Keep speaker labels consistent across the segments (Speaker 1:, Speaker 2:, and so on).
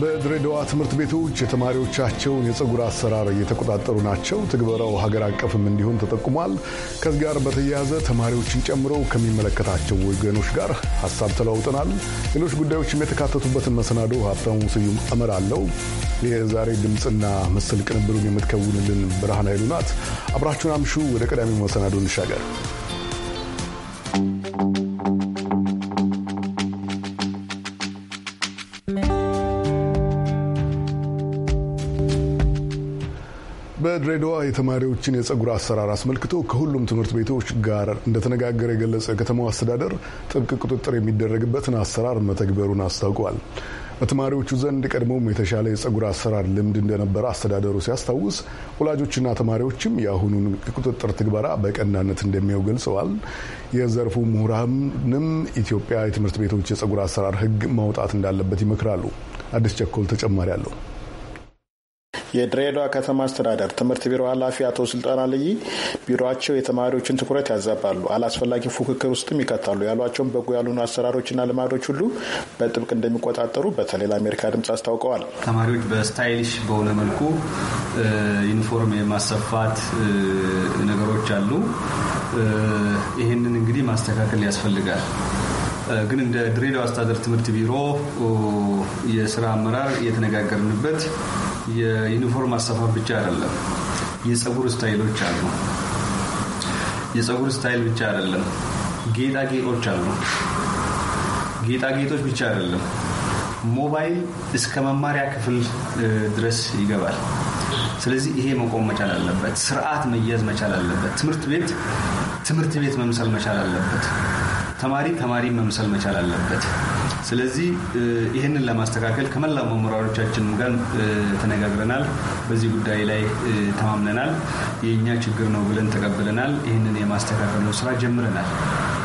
Speaker 1: በድሬዳዋ ትምህርት ቤቶች የተማሪዎቻቸውን የፀጉር አሰራር እየተቆጣጠሩ ናቸው። ትግበራው ሀገር አቀፍም እንዲሆን ተጠቁሟል። ከዚህ ጋር በተያያዘ ተማሪዎችን ጨምሮ ከሚመለከታቸው ወገኖች ጋር ሀሳብ ተለዋውጠናል። ሌሎች ጉዳዮችም የተካተቱበትን መሰናዶ ሀብታሙ ስዩም እመራለሁ። የዛሬ ድምፅና ምስል ቅንብሩን የምትከውንልን ብርሃን ኃይሉ ናት። አብራችሁን አምሹ። ወደ ቀዳሚው መሰናዶ እንሻገር። ድሬዳዋ የተማሪዎችን የጸጉር አሰራር አስመልክቶ ከሁሉም ትምህርት ቤቶች ጋር እንደተነጋገረ የገለጸ የከተማ አስተዳደር ጥብቅ ቁጥጥር የሚደረግበትን አሰራር መተግበሩን አስታውቋል። በተማሪዎቹ ዘንድ ቀድሞም የተሻለ የጸጉር አሰራር ልምድ እንደነበረ አስተዳደሩ ሲያስታውስ፣ ወላጆችና ተማሪዎችም የአሁኑን የቁጥጥር ትግበራ በቀናነት እንደሚያው ገልጸዋል። የዘርፉ ምሁራንም ኢትዮጵያ የትምህርት ቤቶች የጸጉር አሰራር ሕግ ማውጣት እንዳለበት ይመክራሉ። አዲስ ቸኮል ተጨማሪ አለው።
Speaker 2: የድሬዳዋ ከተማ አስተዳደር ትምህርት ቢሮ ኃላፊ አቶ ስልጣን አልይ ቢሮቸው የተማሪዎችን ትኩረት ያዛባሉ፣ አላስፈላጊ ፉክክር ውስጥም ይከታሉ ያሏቸውን በጎ ያልሆኑ አሰራሮችና ልማዶች ሁሉ በጥብቅ እንደሚቆጣጠሩ በተለይ ለአሜሪካ ድምጽ አስታውቀዋል።
Speaker 3: ተማሪዎች በስታይሊሽ በሆነ መልኩ ዩኒፎርም የማሰፋት ነገሮች አሉ። ይህንን እንግዲህ ማስተካከል ያስፈልጋል። ግን እንደ ድሬዳዋ አስተዳደር ትምህርት ቢሮ የስራ አመራር እየተነጋገርንበት የዩኒፎርም አሰፋፍ ብቻ አይደለም፣ የፀጉር ስታይሎች አሉ። የፀጉር ስታይል ብቻ አይደለም፣ ጌጣጌጦች አሉ። ጌጣጌጦች ብቻ አይደለም፣ ሞባይል እስከ መማሪያ ክፍል ድረስ ይገባል። ስለዚህ ይሄ መቆም መቻል አለበት። ስርዓት መያዝ መቻል አለበት። ትምህርት ቤት ትምህርት ቤት መምሰል መቻል አለበት። ተማሪ ተማሪ መምሰል መቻል አለበት። ስለዚህ ይህንን ለማስተካከል ከመላ መምህራኖቻችንም ጋር ተነጋግረናል። በዚህ ጉዳይ ላይ ተማምነናል። የእኛ ችግር ነው ብለን ተቀብለናል። ይህንን የማስተካከል ነው ስራ ጀምረናል።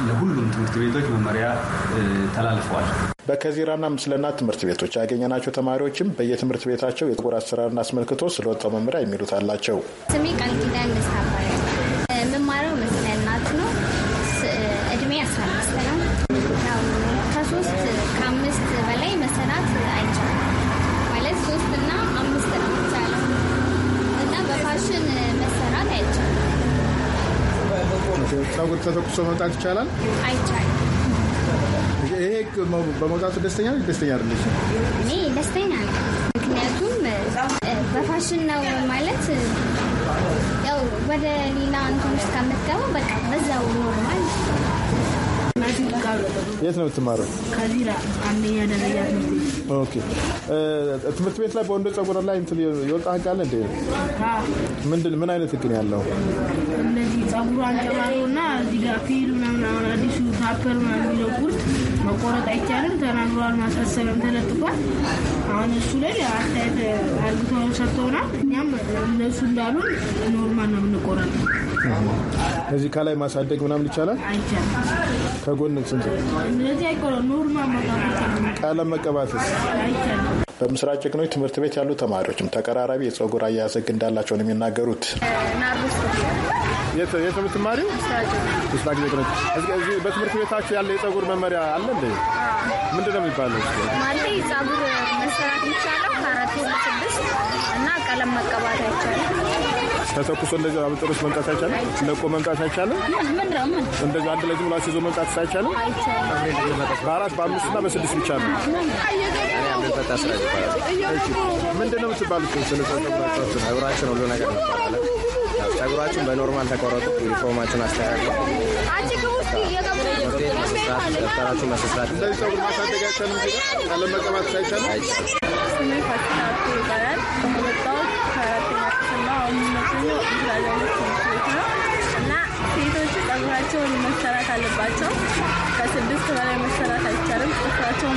Speaker 3: ለሁሉም ትምህርት ቤቶች መመሪያ ተላልፈዋል።
Speaker 2: በከዚራና ምስለና ትምህርት ቤቶች ያገኘናቸው ተማሪዎችም በየትምህርት ቤታቸው የጥቁር አሰራርን አስመልክቶ ስለወጣው መመሪያ የሚሉት አላቸው።
Speaker 4: ስሜ ቃል ኪዳን ደስታ እባላለሁ። ነው።
Speaker 5: ጸጉር
Speaker 2: ተተኩሶ መውጣት ይቻላል አይቻልም? ይሄ በመውጣቱ ደስተኛ ነች ደስተኛ አይደለች?
Speaker 4: እኔ ደስተኛ ነው። ምክንያቱም በፋሽን ነው ማለት ያው ወደ ሌላ እንትን ውስጥ ከምትገባ በቃ በዛው ኖርማል
Speaker 2: የት ነው የምትማረው? ትምህርት ቤት ላይ በወንዶ ጸጉር ላይ የወጣ ህግ አለ እንዴ? ምንድን ምን አይነት ህግ ነው ያለው?
Speaker 4: እነዚህ ጸጉሩ አንጠባሪው እና እዚህ ጋር ፊል ምናምን አዲሱ ታፐር ምናምን የሚለው ቁርጥ መቆረጥ አይቻልም ተናግሯል። ማሳሰብም ተለጥፏል። አሁን እሱ ላይ አስተያየት አርግተው ሰጥተውናል። እኛም እነሱ እንዳሉ ኖርማል ነው የምንቆረጠው።
Speaker 2: እዚህ ከላይ ማሳደግ ምናምን ይቻላል
Speaker 4: አይቻልም።
Speaker 2: ከጎን ስንት ቀለም መቀባትስ? በምስራቅ ጭቅኖች ትምህርት ቤት ያሉ ተማሪዎችም ተቀራራቢ የጸጉር አያያዝ ህግ እንዳላቸው ነው የሚናገሩት። የት የምትማሪው? ምስራቅ ጀግኖች። እዚህ በትምህርት ቤታቸው ያለ የጸጉር መመሪያ አለ እንዴ? ምንድን ነው የሚባለው?
Speaker 4: ማለት ጸጉር መሰራት ይቻላል ከአራት ስድስት እና ቀለም መቀባት አይቻልም
Speaker 2: ተተኩሶ እንደዚህ አብጥሮስ መምጣት አይቻልም። ለቆ መምጣት አይቻልም። እንደዚህ አንድ ላይ ዝም ብሎ አስይዞ መምጣት አይቻልም። በአራት በአምስት እና በስድስት ብቻ ነው። ምንድን ነው የምትባሉት?
Speaker 4: ጸጉራችን ሁሉ ነገር ነው። ጸጉራችን በኖርማል ተቆረጡ፣ ዩኒፎርማችን አስተካክሉ፣ ደብተራችሁ መስራት። እንደዚህ ጸጉር
Speaker 2: ማሳደግ አይቻልም፣ ቀለም አይቻልም።
Speaker 4: ያው የሚመገኘው እንግዳዛዊ ትምህርት ቤት ነው እና ሴቶች ጠጉራቸውን መሰራት አለባቸው። ከስድስት በላይ መሰራት አይቻልም።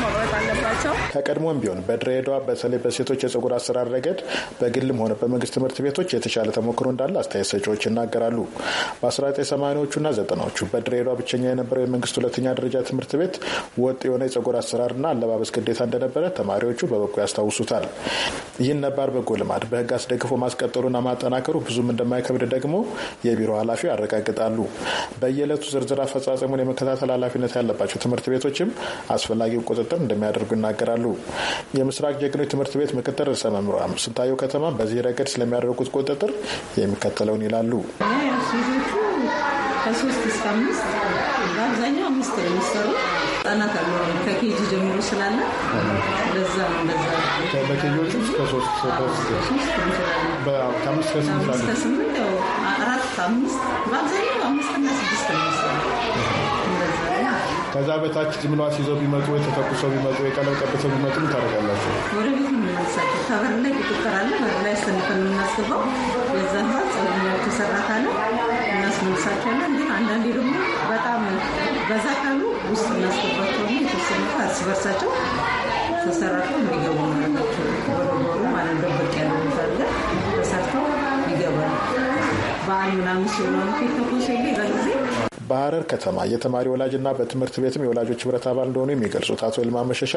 Speaker 4: መቁረጥ አለባቸው።
Speaker 2: ከቀድሞም ቢሆን በድሬዳዋ በተለይ በሴቶች የጸጉር አሰራር ረገድ በግልም ሆነ በመንግስት ትምህርት ቤቶች የተሻለ ተሞክሮ እንዳለ አስተያየት ሰጪዎች ይናገራሉ። በ1980ዎቹና ዘጠናዎቹ በድሬዳዋ ብቸኛ የነበረው የመንግስት ሁለተኛ ደረጃ ትምህርት ቤት ወጥ የሆነ የጸጉር አሰራርና አለባበስ ግዴታ እንደነበረ ተማሪዎቹ በበጎ ያስታውሱታል። ይህን ነባር በጎ ልማድ በህግ አስደግፎ ማስቀጠሉና ማጠናከሩ ብዙም እንደማይከብድ ደግሞ የቢሮ ኃላፊው ያረጋግጣሉ። በየዕለቱ ዝርዝር አፈጻጸሙን የመከታተል ኃላፊነት ኃላፊነት ያለባቸው ትምህርት ቤቶችም አስፈላጊው ቁጥጥር እንደሚያደርጉ ይናገራሉ። የምስራቅ ጀግኖች ትምህርት ቤት ምክትል ርዕሰ መምህር ስንታየው ከተማ በዚህ ረገድ ስለሚያደርጉት ቁጥጥር የሚከተለውን ይላሉ።
Speaker 5: ከሶስት እስከ
Speaker 4: አምስት በአብዛኛው አምስት ነው የሚሰሩ ህጻናት አሉ። ከኬጂ ጀምሮ ስላለ በዛ ነው
Speaker 2: ከሶስት አራት
Speaker 4: አምስት በአብዛኛው ስድስት ነው የሚሰሩ
Speaker 2: ከዛ በታች ዝም ብሎ ቢመጡ ወይ ተተኩሰው ቢመጡ ወይ ቀለም
Speaker 1: ቀብተው ቢመጡ ታደርጋላቸው።
Speaker 4: ወደ ቤት ላይ ቁጥጥር አለ። በር ላይ አሰልፈን የምናስገባው የዛን ሰዓት ጸበኛዎች የሰራት እናስመልሳቸዋለን። ግን አንዳንዴ ደግሞ በጣም በዛ ካሉ ውስጥ እናስገባቸው የተወሰኑ እርስ በርሳቸው ተሰራርተው እንዲገቡ ማለታቸው ወረወሩ ማለት ደበቅ ያለ ታለ ተሰርተው ይገባል። በዓል ምናምን ሲሆን ፊት ተኮ ጊዜ
Speaker 2: በሀረር ከተማ የተማሪ ወላጅና በትምህርት ቤትም የወላጆች ህብረት አባል እንደሆኑ የሚገልጹት አቶ ልማ መሸሻ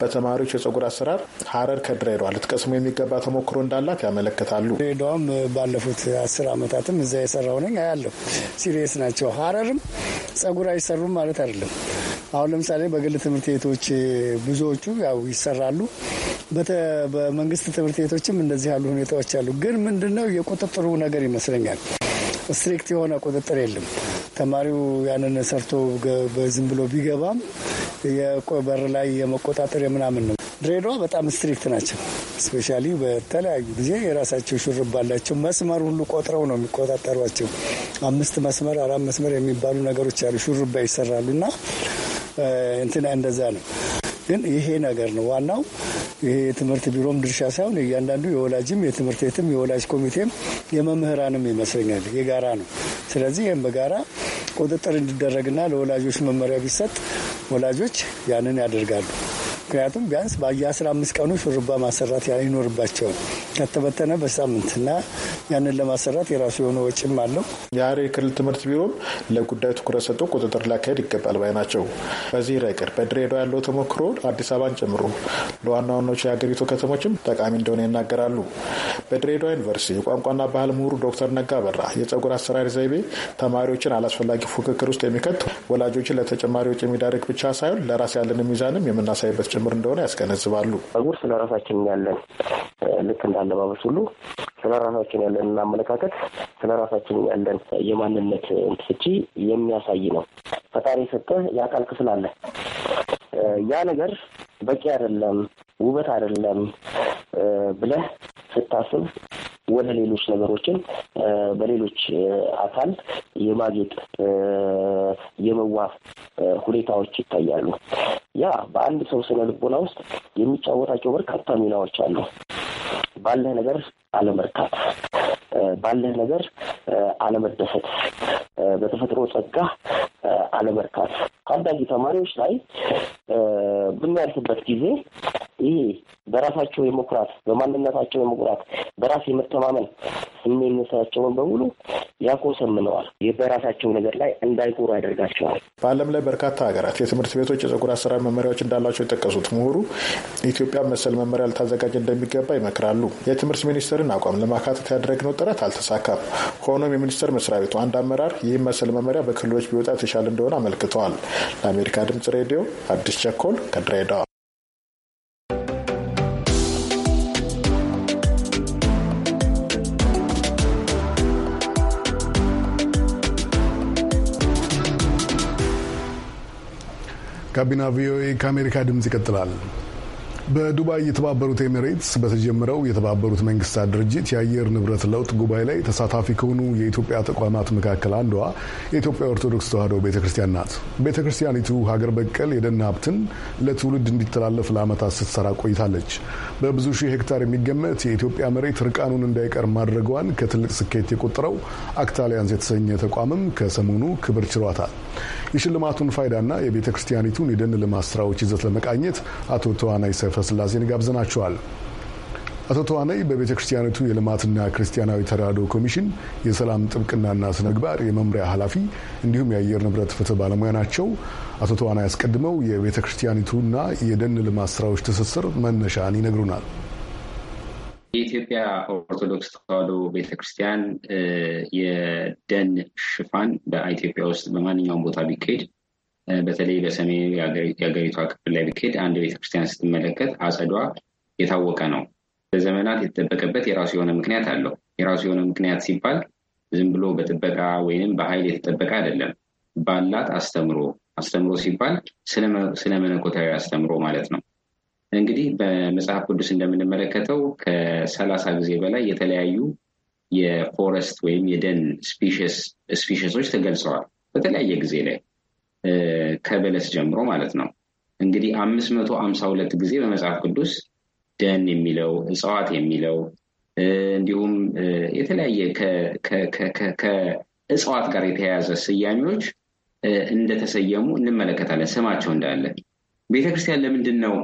Speaker 2: በተማሪዎች የጸጉር አሰራር ሀረር ከድሬዳዋ ልትቀስሙ የሚገባ ተሞክሮ እንዳላት ያመለክታሉ።
Speaker 5: ድሬዳዋም ባለፉት አስር አመታትም እዛ የሰራው ነኝ አያለሁ። ሲሪየስ ናቸው። ሀረርም ጸጉር አይሰሩም ማለት አይደለም። አሁን ለምሳሌ በግል ትምህርት ቤቶች ብዙዎቹ ያው ይሰራሉ። በመንግስት ትምህርት ቤቶችም እንደዚህ ያሉ ሁኔታዎች አሉ። ግን ምንድነው የቁጥጥሩ ነገር ይመስለኛል። ስትሪክት የሆነ ቁጥጥር የለም። ተማሪው ያንን ሰርቶ በዝም ብሎ ቢገባም የበር ላይ የመቆጣጠር የምናምን ነው። ድሬዳዋ በጣም ስትሪክት ናቸው። ስፔሻሊ በተለያዩ ጊዜ የራሳቸው ሹርባ አላቸው። መስመር ሁሉ ቆጥረው ነው የሚቆጣጠሯቸው። አምስት መስመር፣ አራት መስመር የሚባሉ ነገሮች አሉ። ሹርባ ይሰራሉ እና እንትና እንደዛ ነው። ግን ይሄ ነገር ነው ዋናው። ይሄ የትምህርት ቢሮም ድርሻ ሳይሆን እያንዳንዱ የወላጅም የትምህርት ቤትም የወላጅ ኮሚቴም የመምህራንም ይመስለኛል የጋራ ነው። ስለዚህ ይህም በጋራ ቁጥጥር እንዲደረግና ለወላጆች መመሪያ ቢሰጥ ወላጆች ያንን ያደርጋሉ። ምክንያቱም ቢያንስ በየ15 ቀኑ ሹርባ ማሰራት ይኖርባቸዋል። ከተበተነ በሳምንት እና ያንን ለማሰራት የራሱ የሆነ ወጪም አለው።
Speaker 2: የሐረሪ ክልል ትምህርት ቢሮም ለጉዳዩ ትኩረት ሰጥቶ ቁጥጥር ሊያካሄድ ይገባል ባይ ናቸው። በዚህ ረገድ በድሬዳዋ ያለው ተሞክሮ አዲስ አበባን ጨምሮ ለዋና ዋናዎቹ የሀገሪቱ ከተሞችም ጠቃሚ እንደሆነ ይናገራሉ። በድሬዳዋ ዩኒቨርሲቲ የቋንቋና ባህል ምሁሩ ዶክተር ነጋ በራ የጸጉር አሰራር ዘይቤ ተማሪዎችን አላስፈላጊ ፉክክር ውስጥ የሚከት ወላጆችን ለተጨማሪ ወጪ የሚዳርግ ብቻ ሳይሆን ለራስ ያለን ሚዛንም የምናሳይበት ጭምር እንደሆነ
Speaker 6: ያስገነዝባሉ። ጸጉር ስለራሳችን ያለን ልክ እንዳ አለባበስ ሁሉ ስለ ራሳችን ያለን አመለካከት ስለ ራሳችን ያለን የማንነት ፍቺ የሚያሳይ ነው። ፈጣሪ የሰጠ የአካል ክፍል አለ። ያ ነገር በቂ አይደለም፣ ውበት አይደለም ብለህ ስታስብ ወደ ሌሎች ነገሮችን በሌሎች አካል የማጌጥ የመዋብ ሁኔታዎች ይታያሉ። ያ በአንድ ሰው ስነ ልቦና ውስጥ የሚጫወታቸው በርካታ ሚናዎች አሉ። ባለህ ነገር አለመርካት፣ ባለህ ነገር አለመደሰት፣ በተፈጥሮ ጸጋ አለመርካት ታዳጊ ተማሪዎች ላይ በሚያልፍበት ጊዜ ይሄ በራሳቸው የመኩራት በማንነታቸው የመኩራት በራስ የመተማመን ስሜነሳቸውን በሙሉ ያኮሰምነዋል። በራሳቸው ነገር ላይ እንዳይኮሩ ያደርጋቸዋል።
Speaker 2: በዓለም ላይ በርካታ ሀገራት የትምህርት ቤቶች የጸጉር አሰራር መመሪያዎች እንዳላቸው የጠቀሱት ምሁሩ ኢትዮጵያ መሰል መመሪያ ልታዘጋጅ እንደሚገባ ይመክራሉ። የትምህርት ሚኒስቴርን አቋም ለማካተት ያደረግነው ጥረት አልተሳካም። ሆኖም የሚኒስቴር መስሪያ ቤቱ አንድ አመራር ይህ መሰል መመሪያ በክልሎች ቢወጣ የተሻለ እንደሆነ አመልክተዋል። ለአሜሪካ ድምጽ ሬዲዮ አዲስ ቸኮል ከድሬዳዋ።
Speaker 1: ጋቢና ቪኦኤ ከአሜሪካ ድምጽ ይቀጥላል። በዱባይ የተባበሩት ኤሚሬትስ በተጀመረው የተባበሩት መንግስታት ድርጅት የአየር ንብረት ለውጥ ጉባኤ ላይ ተሳታፊ ከሆኑ የኢትዮጵያ ተቋማት መካከል አንዷ የኢትዮጵያ ኦርቶዶክስ ተዋሕዶ ቤተ ክርስቲያን ናት። ቤተ ክርስቲያኒቱ ሀገር በቀል የደን ሀብትን ለትውልድ እንዲተላለፍ ለዓመታት ስትሰራ ቆይታለች። በብዙ ሺህ ሄክታር የሚገመት የኢትዮጵያ መሬት ርቃኑን እንዳይቀር ማድረጓን ከትልቅ ስኬት የቆጠረው አክታሊያንስ የተሰኘ ተቋምም ከሰሞኑ ክብር ችሯታል። የሽልማቱን ፋይዳና የቤተ ክርስቲያኒቱን የደን ልማት ስራዎች ይዘት ለመቃኘት አቶ ተዋናይ ሰይፈስላሴን ጋብዘናቸዋል። አቶ ተዋናይ በቤተ ክርስቲያኒቱ የልማትና ክርስቲያናዊ ተራድኦ ኮሚሽን የሰላም ጥብቅናና ስነ ምግባር የመምሪያ ኃላፊ እንዲሁም የአየር ንብረት ፍትህ ባለሙያ ናቸው። አቶ ተዋናይ አስቀድመው የቤተ ክርስቲያኒቱና የደን ልማት ስራዎች ትስስር መነሻን ይነግሩናል።
Speaker 6: የኢትዮጵያ ኦርቶዶክስ ተዋሕዶ ቤተክርስቲያን የደን ሽፋን በኢትዮጵያ ውስጥ በማንኛውም ቦታ ቢካሄድ በተለይ በሰሜኑ የሀገሪቷ ክፍል ላይ ቢካሄድ አንድ ቤተክርስቲያን ስትመለከት አጸዷ የታወቀ ነው። በዘመናት የተጠበቀበት የራሱ የሆነ ምክንያት አለው። የራሱ የሆነ ምክንያት ሲባል ዝም ብሎ በጥበቃ ወይንም በኃይል የተጠበቀ አይደለም። ባላት አስተምሮ አስተምሮ ሲባል ስለ አስተምሮ ማለት ነው። እንግዲህ በመጽሐፍ ቅዱስ እንደምንመለከተው ከሰላሳ ጊዜ በላይ የተለያዩ የፎረስት ወይም የደን ስፒሽሶች ተገልጸዋል። በተለያየ ጊዜ ላይ ከበለስ ጀምሮ ማለት ነው። እንግዲህ አምስት መቶ አምሳ ሁለት ጊዜ በመጽሐፍ ቅዱስ ደን የሚለው እጽዋት የሚለው እንዲሁም የተለያየ ከእጽዋት ጋር የተያያዘ ስያሜዎች እንደተሰየሙ እንመለከታለን። ስማቸው እንዳለ ቤተክርስቲያን ለምንድን ነው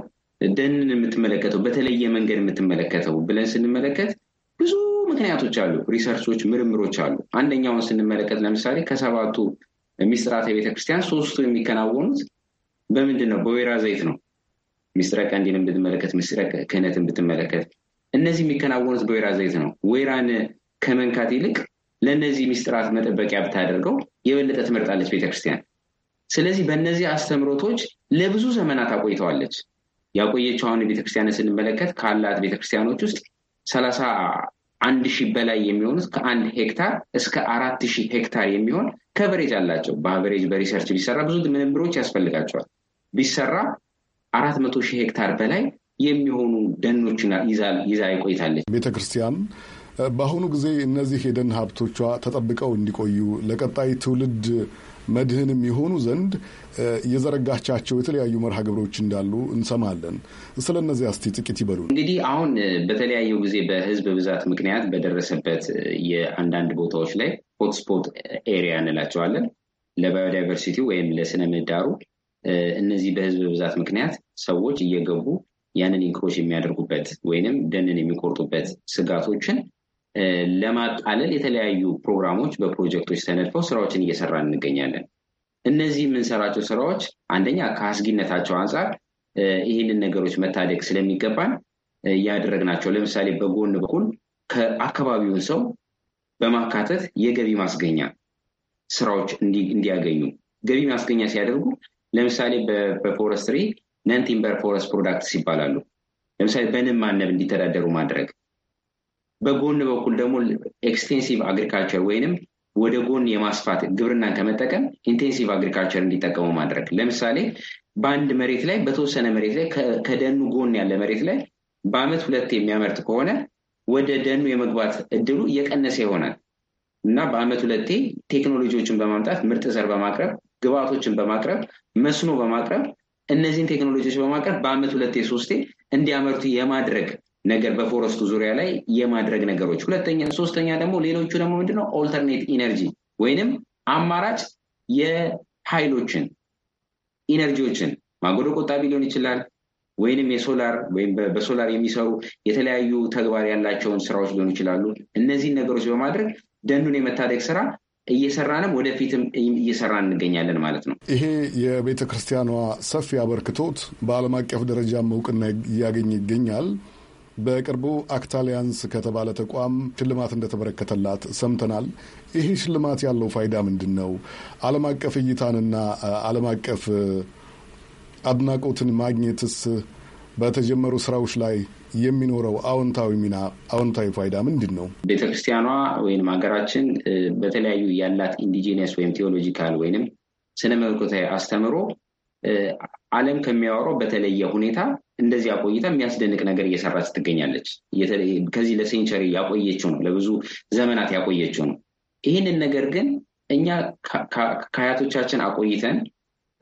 Speaker 6: ደንን የምትመለከተው በተለየ መንገድ የምትመለከተው ብለን ስንመለከት ብዙ ምክንያቶች አሉ፣ ሪሰርቾች፣ ምርምሮች አሉ። አንደኛውን ስንመለከት ለምሳሌ ከሰባቱ ሚስጥራተ ቤተክርስቲያን ሶስቱ የሚከናወኑት በምንድን ነው? በወይራ ዘይት ነው። ሚስጥረ ቀንዲን ብትመለከት፣ ሚስጥረ ክህነትን ብትመለከት እነዚህ የሚከናወኑት በወይራ ዘይት ነው። ወይራን ከመንካት ይልቅ ለእነዚህ ሚስጥራት መጠበቂያ ብታደርገው የበለጠ ትመርጣለች ቤተክርስቲያን። ስለዚህ በእነዚህ አስተምሮቶች ለብዙ ዘመናት አቆይተዋለች። ያቆየችው አሁን ቤተክርስቲያን ስንመለከት ካላት ቤተክርስቲያኖች ውስጥ ሰላሳ አንድ ሺህ በላይ የሚሆኑት ከአንድ ሄክታር እስከ አራት ሺህ ሄክታር የሚሆን ከቨሬጅ አላቸው። በአቨሬጅ በሪሰርች ቢሰራ ብዙ ምንምሮች ያስፈልጋቸዋል። ቢሰራ አራት መቶ ሺህ ሄክታር በላይ የሚሆኑ ደኖችን ይዛ ይቆይታለች ቤተክርስቲያን። በአሁኑ
Speaker 1: ጊዜ እነዚህ የደን ሀብቶቿ ተጠብቀው እንዲቆዩ ለቀጣይ ትውልድ መድህንም የሆኑ ዘንድ የዘረጋቻቸው የተለያዩ መርሃ ግብሮች እንዳሉ እንሰማለን። ስለ እነዚህ አስቲ ጥቂት ይበሉ።
Speaker 6: እንግዲህ አሁን በተለያየው ጊዜ በህዝብ ብዛት ምክንያት በደረሰበት የአንዳንድ ቦታዎች ላይ ሆትስፖት ኤሪያ እንላቸዋለን ለባዮዳይቨርሲቲ ወይም ለስነ ምህዳሩ እነዚህ በህዝብ ብዛት ምክንያት ሰዎች እየገቡ ያንን ኢንክሮች የሚያደርጉበት ወይንም ደንን የሚቆርጡበት ስጋቶችን ለማቃለል የተለያዩ ፕሮግራሞች በፕሮጀክቶች ተነድፈው ስራዎችን እየሰራ እንገኛለን። እነዚህ የምንሰራቸው ስራዎች አንደኛ ከአስጊነታቸው አንጻር ይህንን ነገሮች መታደግ ስለሚገባን ናቸው ለምሳሌ በጎን በኩል ከአካባቢውን ሰው በማካተት የገቢ ማስገኛ ስራዎች እንዲያገኙ ገቢ ማስገኛ ሲያደርጉ ለምሳሌ በፎረስትሪ ነን ቲምበር ፎረስት ፕሮዳክትስ ይባላሉ። ለምሳሌ በንብ ማነብ እንዲተዳደሩ ማድረግ በጎን በኩል ደግሞ ኤክስቴንሲቭ አግሪካልቸር ወይንም ወደ ጎን የማስፋት ግብርናን ከመጠቀም ኢንቴንሲቭ አግሪካልቸር እንዲጠቀሙ ማድረግ። ለምሳሌ በአንድ መሬት ላይ በተወሰነ መሬት ላይ ከደኑ ጎን ያለ መሬት ላይ በአመት ሁለት የሚያመርት ከሆነ ወደ ደኑ የመግባት እድሉ እየቀነሰ ይሆናል እና በአመት ሁለቴ ቴክኖሎጂዎችን በማምጣት ምርጥ ዘር በማቅረብ ግብአቶችን በማቅረብ መስኖ በማቅረብ እነዚህን ቴክኖሎጂዎች በማቅረብ በአመት ሁለቴ ሶስቴ እንዲያመርቱ የማድረግ ነገር በፎረስቱ ዙሪያ ላይ የማድረግ ነገሮች። ሁለተኛ ሶስተኛ ደግሞ ሌሎቹ ደግሞ ምንድነው ኦልተርኔት ኢነርጂ ወይንም አማራጭ የኃይሎችን ኢነርጂዎችን ማጎዶ ቆጣቢ ሊሆን ይችላል ወይንም የሶላር ወይም በሶላር የሚሰሩ የተለያዩ ተግባር ያላቸውን ስራዎች ሊሆኑ ይችላሉ። እነዚህን ነገሮች በማድረግ ደኑን የመታደግ ስራ እየሰራንም ወደፊትም እየሰራ እንገኛለን ማለት ነው።
Speaker 1: ይሄ የቤተ ክርስቲያኗ ሰፊ አበርክቶት በዓለም አቀፍ ደረጃም እውቅና እያገኘ ይገኛል። በቅርቡ አክታሊያንስ ከተባለ ተቋም ሽልማት እንደተበረከተላት ሰምተናል። ይህ ሽልማት ያለው ፋይዳ ምንድን ነው? ዓለም አቀፍ እይታንና ዓለም አቀፍ አድናቆትን ማግኘትስ በተጀመሩ ስራዎች ላይ የሚኖረው አዎንታዊ ሚና አዎንታዊ ፋይዳ ምንድን ነው?
Speaker 6: ቤተክርስቲያኗ ወይም ሀገራችን በተለያዩ ያላት ኢንዲጂነስ ወይም ቴዎሎጂካል ወይም ስነ መለኮታዊ አስተምሮ ዓለም ከሚያወራው በተለየ ሁኔታ እንደዚህ አቆይታ የሚያስደንቅ ነገር እየሰራች ትገኛለች። ከዚህ ለሴንቸሪ ያቆየችው ነው፣ ለብዙ ዘመናት ያቆየችው ነው። ይህንን ነገር ግን እኛ ከአያቶቻችን አቆይተን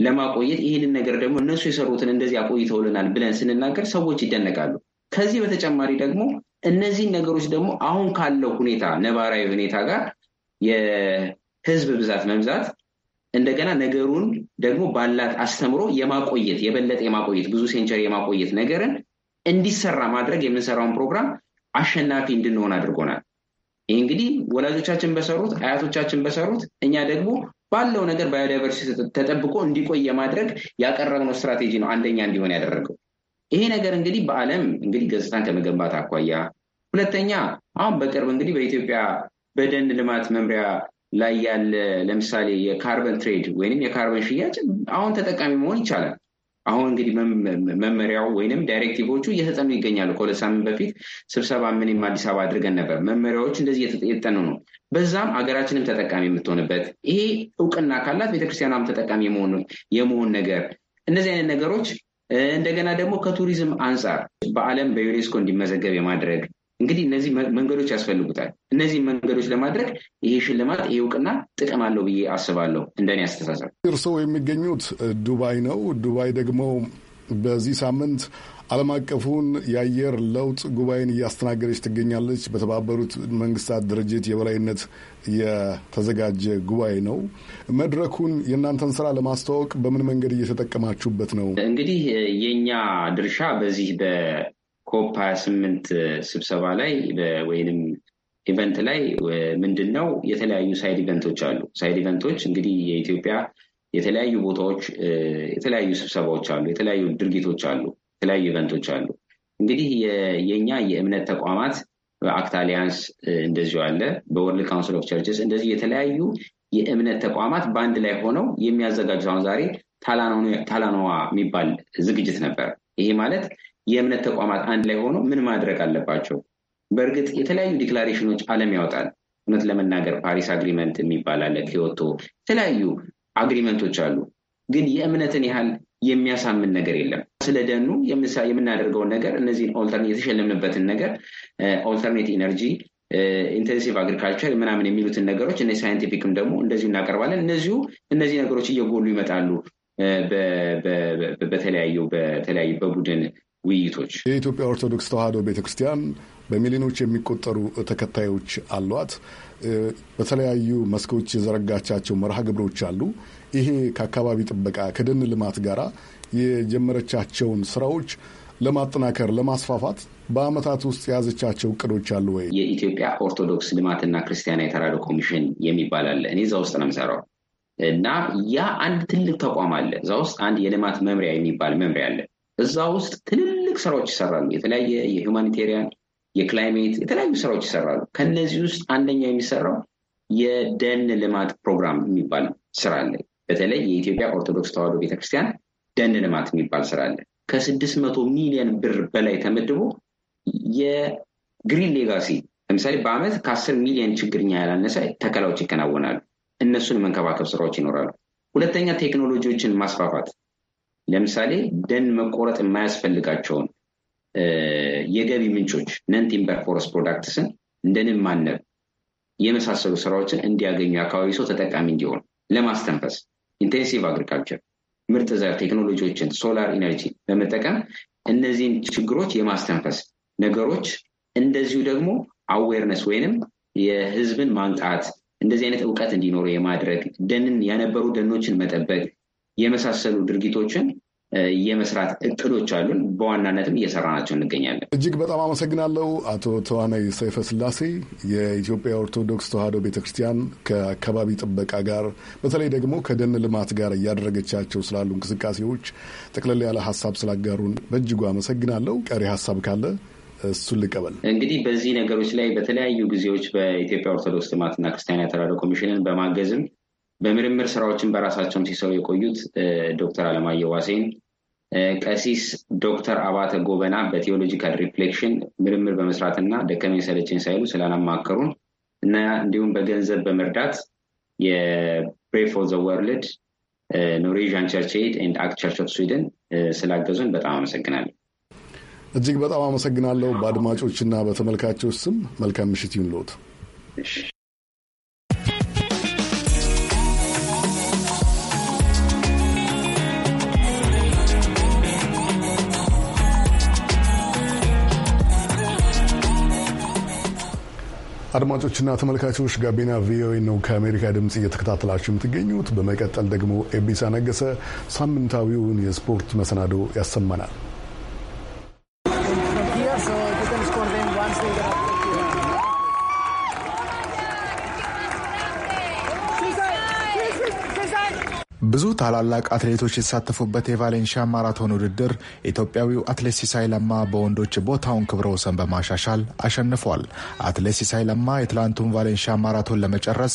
Speaker 6: ለማቆየት ይህንን ነገር ደግሞ እነሱ የሰሩትን እንደዚህ አቆይተውልናል ብለን ስንናገር ሰዎች ይደነቃሉ። ከዚህ በተጨማሪ ደግሞ እነዚህን ነገሮች ደግሞ አሁን ካለው ሁኔታ ነባራዊ ሁኔታ ጋር የህዝብ ብዛት መብዛት እንደገና ነገሩን ደግሞ ባላት አስተምሮ የማቆየት የበለጠ የማቆየት ብዙ ሴንቸሪ የማቆየት ነገርን እንዲሰራ ማድረግ የምንሰራውን ፕሮግራም አሸናፊ እንድንሆን አድርጎናል። ይህ እንግዲህ ወላጆቻችን በሰሩት አያቶቻችን በሰሩት እኛ ደግሞ ባለው ነገር ባዮዳይቨርሲቲ ተጠብቆ እንዲቆይ የማድረግ ያቀረብነው ስትራቴጂ ነው አንደኛ እንዲሆን ያደረገው። ይሄ ነገር እንግዲህ በዓለም እንግዲህ ገጽታን ከመገንባት አኳያ፣ ሁለተኛ አሁን በቅርብ እንግዲህ በኢትዮጵያ በደን ልማት መምሪያ ላይ ያለ ለምሳሌ የካርበን ትሬድ ወይም የካርበን ሽያጭ አሁን ተጠቃሚ መሆን ይቻላል። አሁን እንግዲህ መመሪያው ወይንም ዳይሬክቲቮቹ እየተጠኑ ይገኛሉ። ከሁለት ሳምንት በፊት ስብሰባ ምንም አዲስ አበባ አድርገን ነበር። መመሪያዎቹ እንደዚህ እየተጠኑ ነው። በዛም ሀገራችንም ተጠቃሚ የምትሆንበት ይሄ እውቅና ካላት ቤተክርስቲያኗም ተጠቃሚ የመሆን ነገር እነዚህ አይነት ነገሮች እንደገና ደግሞ ከቱሪዝም አንጻር በዓለም በዩኔስኮ እንዲመዘገብ የማድረግ እንግዲህ እነዚህ መንገዶች ያስፈልጉታል። እነዚህ መንገዶች ለማድረግ ይሄ ሽልማት ይሄ እውቅና ጥቅም አለው ብዬ አስባለሁ። እንደኔ አስተሳሰብ
Speaker 1: እርስዎ የሚገኙት ዱባይ ነው። ዱባይ ደግሞ በዚህ ሳምንት ዓለም አቀፉን የአየር ለውጥ ጉባኤን እያስተናገደች ትገኛለች። በተባበሩት መንግስታት ድርጅት የበላይነት የተዘጋጀ ጉባኤ ነው። መድረኩን የእናንተን ስራ ለማስተዋወቅ በምን መንገድ እየተጠቀማችሁበት ነው?
Speaker 6: እንግዲህ የእኛ ድርሻ በዚህ ኮፕ 28 ስብሰባ ላይ ወይንም ኢቨንት ላይ ምንድን ነው የተለያዩ ሳይድ ኢቨንቶች አሉ። ሳይድ ኢቨንቶች እንግዲህ የኢትዮጵያ የተለያዩ ቦታዎች የተለያዩ ስብሰባዎች አሉ፣ የተለያዩ ድርጊቶች አሉ፣ የተለያዩ ኢቨንቶች አሉ። እንግዲህ የእኛ የእምነት ተቋማት በአክት አሊያንስ እንደዚሁ አለ፣ በወርልድ ካውንስል ኦፍ ቸርችስ እንደዚሁ የተለያዩ የእምነት ተቋማት በአንድ ላይ ሆነው የሚያዘጋጁት አሁን ዛሬ ታላኖዋ የሚባል ዝግጅት ነበር። ይሄ ማለት የእምነት ተቋማት አንድ ላይ ሆኖ ምን ማድረግ አለባቸው? በእርግጥ የተለያዩ ዲክላሬሽኖች ዓለም ያወጣል። እውነት ለመናገር ፓሪስ አግሪመንት የሚባል አለ፣ ኪዮቶ፣ የተለያዩ አግሪመንቶች አሉ። ግን የእምነትን ያህል የሚያሳምን ነገር የለም። ስለ ደኑ የምናደርገውን ነገር እነዚህን ኦልተርኔት የተሸለምንበትን ነገር ኦልተርኔት ኢነርጂ፣ ኢንቴንሲቭ አግሪካልቸር ምናምን የሚሉትን ነገሮች እነ ሳይንቲፊክም ደግሞ እንደዚሁ እናቀርባለን። እነዚሁ እነዚህ ነገሮች እየጎሉ ይመጣሉ። uh, በተለያዩ በተለያዩ በቡድን ውይይቶች
Speaker 1: የኢትዮጵያ ኦርቶዶክስ ተዋሕዶ ቤተ ክርስቲያን በሚሊዮኖች የሚቆጠሩ ተከታዮች አሏት። በተለያዩ መስኮች የዘረጋቻቸው መርሃ ግብሮች አሉ። ይሄ ከአካባቢ ጥበቃ ከደን ልማት ጋር የጀመረቻቸውን ስራዎች ለማጠናከር ለማስፋፋት በአመታት ውስጥ የያዘቻቸው እቅዶች አሉ ወይ?
Speaker 6: የኢትዮጵያ ኦርቶዶክስ ልማትና ክርስቲያና የተራድኦ ኮሚሽን የሚባል አለ። እኔ እዛ ውስጥ ነው የምሰራው እና ያ አንድ ትልቅ ተቋም አለ። እዛ ውስጥ አንድ የልማት መምሪያ የሚባል መምሪያ አለ። እዛ ውስጥ ትልልቅ ስራዎች ይሰራሉ። የተለያየ የሁማኒቴሪያን፣ የክላይሜት የተለያዩ ስራዎች ይሰራሉ። ከነዚህ ውስጥ አንደኛው የሚሰራው የደን ልማት ፕሮግራም የሚባል ስራ አለ። በተለይ የኢትዮጵያ ኦርቶዶክስ ተዋሕዶ ቤተክርስቲያን ደን ልማት የሚባል ስራ አለ። ከስድስት መቶ ሚሊዮን ብር በላይ ተመድቦ የግሪን ሌጋሲ ለምሳሌ በአመት ከአስር ሚሊዮን ችግርኛ ያላነሰ ተከላዎች ይከናወናሉ። እነሱን መንከባከብ ስራዎች ይኖራሉ። ሁለተኛ ቴክኖሎጂዎችን ማስፋፋት ለምሳሌ ደን መቆረጥ የማያስፈልጋቸውን የገቢ ምንጮች ነን ቲምበር ፎረስት ፕሮዳክትስን እንደ ማነብ የመሳሰሉ ስራዎችን እንዲያገኙ አካባቢ ሰው ተጠቃሚ እንዲሆን ለማስተንፈስ ኢንቴንሲቭ አግሪካልቸር ምርጥ ዘር ቴክኖሎጂዎችን፣ ሶላር ኢነርጂ በመጠቀም እነዚህን ችግሮች የማስተንፈስ ነገሮች እንደዚሁ ደግሞ አዌርነስ ወይንም የህዝብን ማንቃት እንደዚህ አይነት እውቀት እንዲኖሩ የማድረግ ደንን ያነበሩ ደኖችን መጠበቅ የመሳሰሉ ድርጊቶችን የመስራት እቅዶች አሉን። በዋናነትም እየሰራናቸው እንገኛለን።
Speaker 1: እጅግ በጣም አመሰግናለሁ አቶ ተዋናይ ሰይፈ ስላሴ። የኢትዮጵያ ኦርቶዶክስ ተዋሕዶ ቤተክርስቲያን ከአካባቢ ጥበቃ ጋር በተለይ ደግሞ ከደን ልማት ጋር እያደረገቻቸው ስላሉ እንቅስቃሴዎች ጠቅለል ያለ ሀሳብ ስላጋሩን በእጅጉ አመሰግናለሁ። ቀሪ ሀሳብ ካለ እሱን ልቀበል።
Speaker 6: እንግዲህ በዚህ ነገሮች ላይ በተለያዩ ጊዜዎች በኢትዮጵያ ኦርቶዶክስ ልማትና ክርስቲያን ተራድኦ ኮሚሽንን በማገዝም በምርምር ስራዎችን በራሳቸውም ሲሰሩ የቆዩት ዶክተር አለማየሁ ዋሴን፣ ቀሲስ ዶክተር አባተ ጎበና በቴዎሎጂካል ሪፍሌክሽን ምርምር በመስራትና ደከመኝ ሰለቸኝ ሳይሉ ስላላማከሩን እና እንዲሁም በገንዘብ በመርዳት የፕሬ ፎር ዘ ወርልድ ኖርዌዥን ቸርች ኤድ ኤንድ አክት ቸርች ኦፍ ስዊድን ስላገዙን በጣም አመሰግናለሁ።
Speaker 1: እጅግ በጣም አመሰግናለሁ። በአድማጮችና በተመልካቾች ስም መልካም ምሽት ይሁንልዎት። አድማጮችና ተመልካቾች ጋቢና ቪኦኤ ነው ከአሜሪካ ድምፅ እየተከታተላችሁ የምትገኙት። በመቀጠል ደግሞ ኤቢሳ ነገሰ ሳምንታዊውን የስፖርት መሰናዶ ያሰማናል።
Speaker 7: ብዙ ታላላቅ አትሌቶች የተሳተፉበት የቫሌንሺያ ማራቶን ውድድር ኢትዮጵያዊው አትሌት ሲሳይ ለማ በወንዶች ቦታውን ክብረ ወሰን በማሻሻል አሸንፏል። አትሌት ሲሳይ ለማ የትላንቱን ቫሌንሺያ ማራቶን ለመጨረስ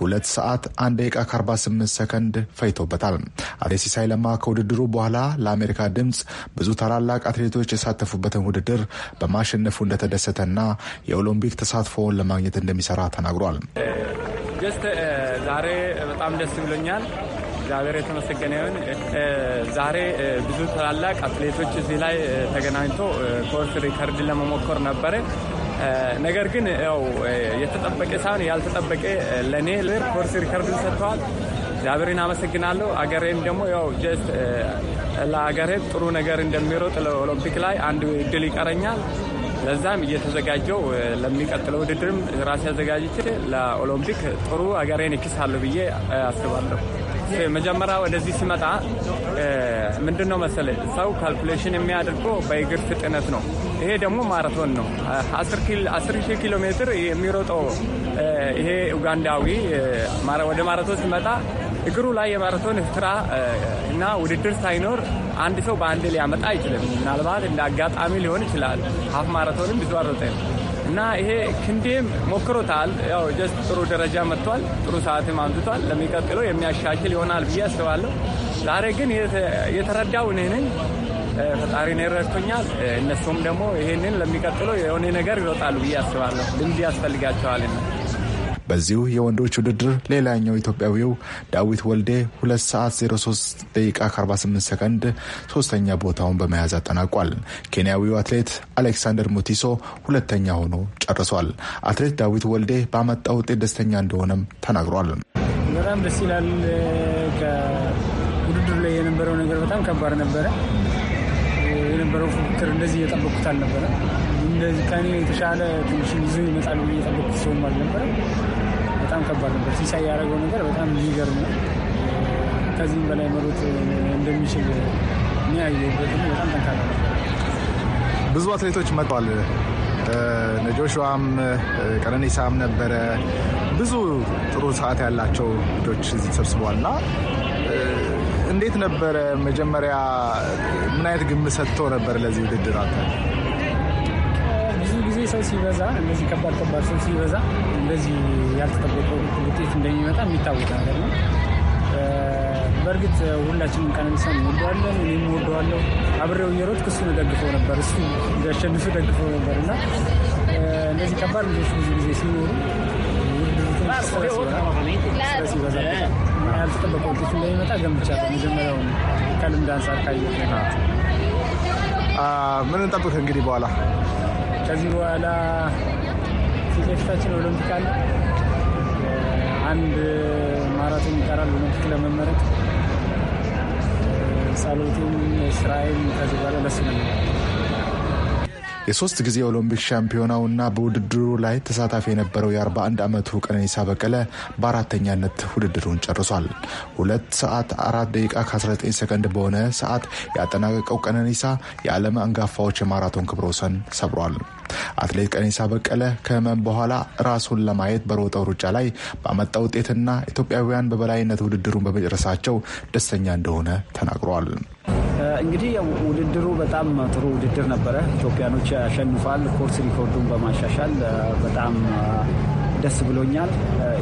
Speaker 7: ሁለት ሰዓት አንድ ደቂቃ ከ48 ሰከንድ ፈይቶበታል። አትሌት ሲሳይ ለማ ከውድድሩ በኋላ ለአሜሪካ ድምፅ ብዙ ታላላቅ አትሌቶች የተሳተፉበትን ውድድር በማሸነፉ እንደተደሰተና የኦሎምፒክ ተሳትፎውን ለማግኘት እንደሚሰራ ተናግሯል።
Speaker 8: ዛሬ በጣም ደስ ብሎኛል። እግዚአብሔር የተመሰገነ ይሁን። ዛሬ ብዙ ታላላቅ አትሌቶች እዚህ ላይ ተገናኝቶ ኮርስ ሪከርድን ለመሞከር ነበረ። ነገር ግን ያው የተጠበቀ ሳይሆን ያልተጠበቀ ለእኔ ልር ኮርስ ሪከርድን ሰጥተዋል። እግዚአብሔርን አመሰግናለሁ። አገሬም ደግሞ ያው ጀስት ለአገሬ ጥሩ ነገር እንደሚሮጥ ለኦሎምፒክ ላይ አንድ እድል ይቀረኛል። ለዛም እየተዘጋጀው ለሚቀጥለው ውድድርም ራሴ አዘጋጅቼ ለኦሎምፒክ ጥሩ አገሬን ይክሳሉ ብዬ አስባለሁ። መጀመሪያ ወደዚህ ሲመጣ ምንድን ነው መሰለ ሰው ካልኩሌሽን የሚያደርገው በእግር ፍጥነት ነው። ይሄ ደግሞ ማራቶን ነው። አስር ሺህ ኪሎ ሜትር የሚሮጠው ይሄ ኡጋንዳዊ ወደ ማራቶን ሲመጣ እግሩ ላይ የማራቶን ስራ እና ውድድር ሳይኖር አንድ ሰው በአንድ ሊያመጣ አይችልም። ምናልባት እንደ አጋጣሚ ሊሆን ይችላል። ሀፍ ማራቶንም ብዙ አሮጠ እና ይሄ ክንዴም ሞክሮታል። ያው ጀስት ጥሩ ደረጃ መጥቷል። ጥሩ ሰዓትም አምጥቷል። ለሚቀጥለው የሚያሻሽል ይሆናል ብዬ አስባለሁ። ዛሬ ግን የተረዳው እኔ ፈጣሪ ነው እነሱም ደግሞ ይሄንን ለሚቀጥለው የሆነ ነገር ይወጣሉ ብዬ አስባለሁ። ልምድ ያስፈልጋቸዋልና
Speaker 7: በዚሁ የወንዶች ውድድር ሌላኛው ኢትዮጵያዊው ዳዊት ወልዴ 2 ሰዓት 03 ደቂቃ 48 ሰከንድ ሶስተኛ ቦታውን በመያዝ አጠናቋል። ኬንያዊው አትሌት አሌክሳንደር ሙቲሶ ሁለተኛ ሆኖ ጨርሷል። አትሌት ዳዊት ወልዴ ባመጣው ውጤት ደስተኛ እንደሆነም ተናግሯል።
Speaker 8: በጣም ደስ ይላል።
Speaker 3: ከውድድር ላይ የነበረው ነገር በጣም ከባድ ነበረ። የነበረው ፉክክር እንደዚህ እየጠበቁት አልነበረ። ከኔ የተሻለ ትንሽ ይዞ ይመጣሉ እየጠበቁ ሰውም አልነበረም። በጣም ከባድ ነበር። ሲሳይ ያደረገው ነገር በጣም የሚገርም ነው። ከዚህም በላይ መሮጥ እንደሚችል የሚያየበት በጣም ጠንካራ ነበር።
Speaker 7: ብዙ አትሌቶች መጥተዋል። ነጆሹዋም ቀነኒሳም ነበረ። ብዙ ጥሩ ሰዓት ያላቸው ልጆች እዚህ ተሰብስበዋል እና እንዴት ነበረ መጀመሪያ ምን አይነት ግምት ሰጥቶ ነበር ለዚህ ውድድር አ?
Speaker 3: ስለዚህ ሰው ሲበዛ እንደዚህ ከባድ ከባድ ሰው ሲበዛ እንደዚህ ያልተጠበቀ ውጤት እንደሚመጣ የሚታወቅ ነገር ነው። በእርግጥ ሁላችንም ቀነኒሳን እንወደዋለን፣ እኔም እወደዋለሁ። አብሬው እየሮጥኩ እሱን ደግፈው ነበር፣ እሱ እንዲያሸንፍ ደግፈው ነበር እና እንደዚህ ከባድ ልጆች ብዙ ጊዜ ሲኖሩ ያልተጠበቀ ውጤት እንደሚመጣ ገምቻለሁ። መጀመሪያውን ከልምድ አንጻር ካየሁት ምን እንጠብቅ እንግዲህ በኋላ ከዚህ በኋላ ፊትለፊታችን ኦሎምፒክ አለ። አንድ ማራቶን ይቀራል ኦሎምፒክ ለመመረጥ ጸሎቴም ስራዬም ከዚህ በኋላ ለሱ ነው።
Speaker 7: የሶስት ጊዜ ኦሎምፒክ ሻምፒዮናውና በውድድሩ ላይ ተሳታፊ የነበረው የ41 ዓመቱ ቀነኒሳ በቀለ በአራተኛነት ውድድሩን ጨርሷል። ሁለት ሰዓት አራት ደቂቃ ከ19 ሰከንድ በሆነ ሰዓት ያጠናቀቀው ቀነኒሳ የዓለም አንጋፋዎች የማራቶን ክብረ ወሰን ሰብሯል። አትሌት ቀነኒሳ በቀለ ከህመም በኋላ ራሱን ለማየት በሮጠው ሩጫ ላይ ባመጣ ውጤትና ኢትዮጵያውያን በበላይነት ውድድሩን በመጨረሳቸው ደስተኛ እንደሆነ ተናግሯል።
Speaker 3: እንግዲህ ውድድሩ በጣም ጥሩ ውድድር ነበረ። ኢትዮጵያኖች አሸንፏል። ኮርስ ሪኮርዱን በማሻሻል በጣም ደስ ብሎኛል።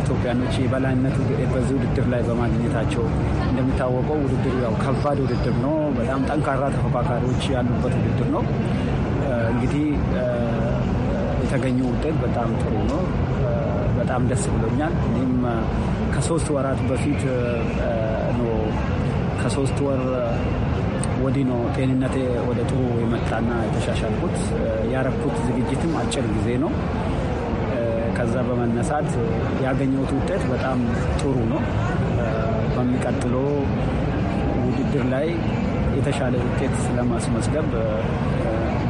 Speaker 3: ኢትዮጵያኖች የበላይነት በዚህ ውድድር ላይ በማግኘታቸው እንደሚታወቀው ውድድሩ ያው ከባድ ውድድር ነው። በጣም ጠንካራ ተፎካካሪዎች ያሉበት ውድድር ነው። እንግዲህ የተገኘው ውጤት በጣም ጥሩ ነው። በጣም ደስ ብሎኛል። እኔም ከሶስት ወራት በፊት ነው ከሶስት ወር ወዲህ ነው ጤንነቴ ወደ ጥሩ የመጣና የተሻሻልኩት። ያረኩት ዝግጅትም አጭር ጊዜ ነው። ከዛ በመነሳት ያገኘሁት ውጤት በጣም ጥሩ ነው። በሚቀጥለው ውድድር ላይ የተሻለ ውጤት ለማስመዝገብ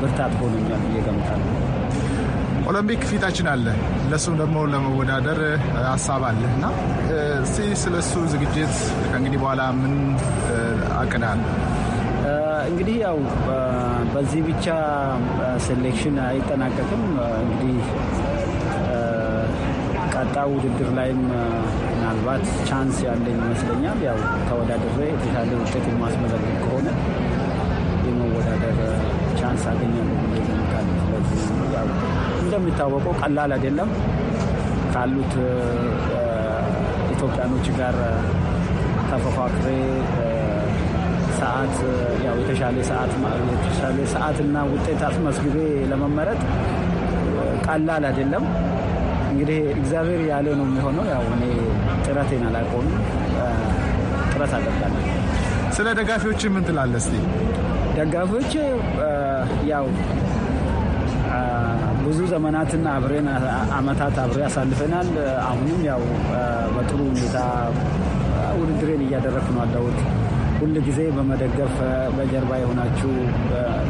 Speaker 3: ብርታት ሆኖኛል ብዬ እገምታለሁ። ኦሎምፒክ ፊታችን አለ። ለሱም ደግሞ
Speaker 7: ለመወዳደር ሀሳብ አለ እና እስቲ ዝግጅት ከእንግዲህ በኋላ ምን
Speaker 3: አቅዳል? እንግዲህ ያው በዚህ ብቻ ሴሌክሽን አይጠናቀቅም። እንግዲህ ቀጣይ ውድድር ላይም ምናልባት ቻንስ ያለኝ ይመስለኛል። ያው ተወዳድሬ የተሻለ ውጤት የማስመዘግብ ከሆነ የመወዳደር ቻንስ አገኛለሁ። ስለዚህ እንደሚታወቀው ቀላል አይደለም ካሉት ኢትዮጵያኖች ጋር ተፎካክሬ ሰዓት ያው የተሻለ ሰዓት የተሻለ ሰዓትና ውጤት አስመስግቤ ለመመረጥ ቀላል አይደለም። እንግዲህ እግዚአብሔር ያለ ነው የሚሆነው። ያው እኔ ጥረቴን አላቆም ጥረት አደርጋለሁ።
Speaker 2: ስለ ደጋፊዎች ምን ትላለህ?
Speaker 3: ደጋፊዎች ያው ብዙ ዘመናትና አብሬን አመታት አብሬ አሳልፈናል። አሁንም ያው በጥሩ ሁኔታ ውድድሬን እያደረግኩ ነው አለሁት። ሁል ጊዜ በመደገፍ በጀርባ የሆናችሁ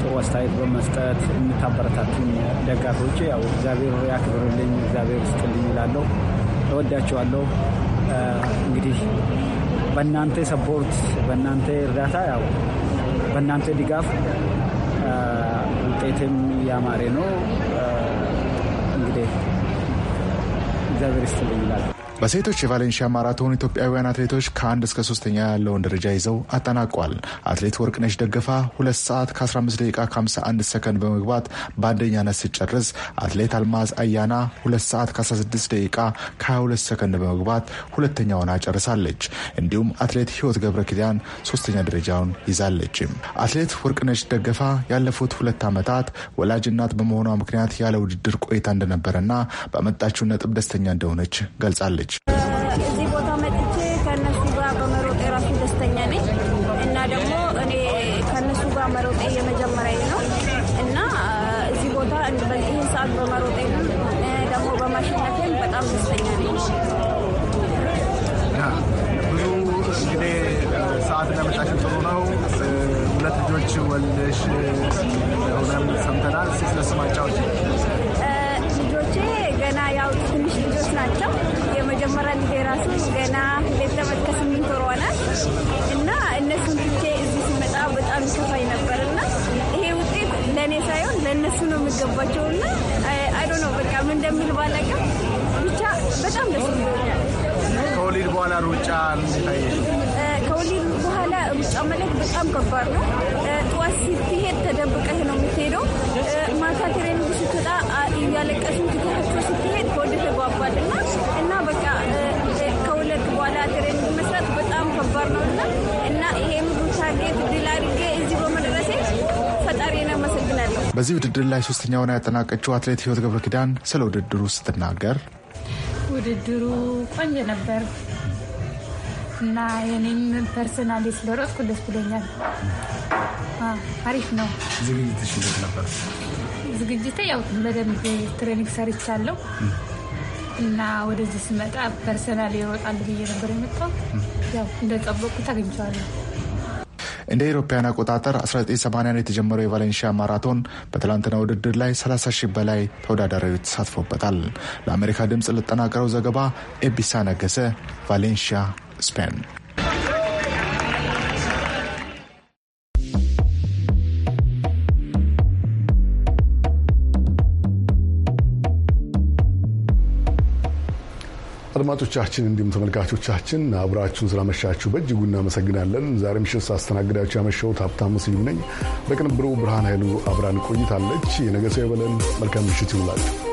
Speaker 3: ጥሩ አስተያየት በመስጠት የምታበረታቱኝ ደጋፊዎች ያው እግዚአብሔር ያክብርልኝ፣ እግዚአብሔር ስጥልኝ ይላለሁ። እወዳችኋለሁ። እንግዲህ በእናንተ ሰፖርት፣ በእናንተ እርዳታ፣ ያው በእናንተ ድጋፍ ውጤትም ያማረ ነው። እንግዲህ እግዚአብሔር ይስጥልኝ ይላለሁ።
Speaker 7: በሴቶች የቫሌንሺያ ማራቶን ኢትዮጵያውያን አትሌቶች ከአንድ እስከ ሶስተኛ ያለውን ደረጃ ይዘው አጠናቋል። አትሌት ወርቅነሽ ደገፋ ሁለት ሰዓት ከ15 ደቂቃ ከ51 ሰከንድ በመግባት በአንደኛነት ስጨርስ፣ አትሌት አልማዝ አያና ሁለት ሰዓት ከ16 ደቂቃ ከ22 ሰከንድ በመግባት ሁለተኛ ሆና ጨርሳለች። እንዲሁም አትሌት ህይወት ገብረ ኪዳን ሶስተኛ ደረጃውን ይዛለች። አትሌት ወርቅነሽ ደገፋ ያለፉት ሁለት ዓመታት ወላጅ እናት በመሆኗ ምክንያት ያለ ውድድር ቆይታ እንደነበረና በመጣችው ነጥብ ደስተኛ እንደሆነች ገልጻለች።
Speaker 4: ትናገራለች። እዚህ ቦታ መጥቼ ከእነሱ ጋር በመሮጥ የራሱ ደስተኛ ነኝ እና ደግሞ እኔ ከእነሱ ጋር መሮጤ የመጀመሪያ ነው እና እዚህ ቦታ ይህን ሰዓት በመሮጤ ደግሞ በማሸነፌም በጣም
Speaker 6: ደስተኛ ነኝ።
Speaker 7: ብዙ እንግዲህ ሰዓት ለመጣሽ ጥሩ ነው። ሁለት ልጆች ወልደሽ ሆነም ሰምተናል። ስለ
Speaker 4: ልጆቼ ገና ያው ትንሽ ልጆች ናቸው ይጀምራል። ይሄ ራሱ ገና ሁለት ዓመት ከስምንት ወር ሆናል እና እነሱን ትቼ እዚህ ሲመጣ በጣም ይከፋኝ ነበር እና ይሄ ውጤት ለእኔ ሳይሆን ለእነሱ ነው የሚገባቸው እና አይዶ ነው በቃ ምን እንደሚል ባላውቅም ብቻ በጣም ደስ ብሎኛል።
Speaker 7: ከወሊድ በኋላ ሩጫ
Speaker 4: ከወሊድ በኋላ ሩጫ ማለት በጣም ከባድ ነው።
Speaker 7: በዚህ ውድድር ላይ ሶስተኛውን ያጠናቀችው አትሌት ህይወት ገብረ ኪዳን ስለ ውድድሩ ስትናገር
Speaker 4: ውድድሩ ቆንጆ ነበር እና የኔም ፐርሰናል ስለሮጥኩ ደስ ብሎኛል። አሪፍ ነው።
Speaker 5: ዝግጅትሽ እንዴት ነበር?
Speaker 4: ዝግጅቴ ያው በደንብ ትሬኒንግ ሰርቻለሁ እና ወደዚህ ስመጣ ፐርሰናል ይወጣል ብዬ ነበር የመጣው። ያው እንደጠበቅኩት አግኝቼዋለሁ።
Speaker 7: እንደ ኢሮፓያን አቆጣጠር 1980 የተጀመረው የቫሌንሺያ ማራቶን በትላንትና ውድድር ላይ 30 ሺህ በላይ ተወዳዳሪዎች ተሳትፎበታል። ለአሜሪካ ድምፅ ለጠናቀረው ዘገባ ኤቢሳ ነገሰ፣ ቫሌንሺያ፣ ስፔን
Speaker 1: አድማጮቻችን እንዲሁም ተመልካቾቻችን አብራችሁን ስላመሻችሁ በእጅጉ እናመሰግናለን። ዛሬ ምሽት ሳስተናግዳችሁ ያመሸሁት ሀብታሙ ስዩም ነኝ። በቅንብሩ ብርሃን ኃይሉ አብራን ቆይታለች። የነገ ሰው ይበለን። መልካም ምሽት ይውላችሁ።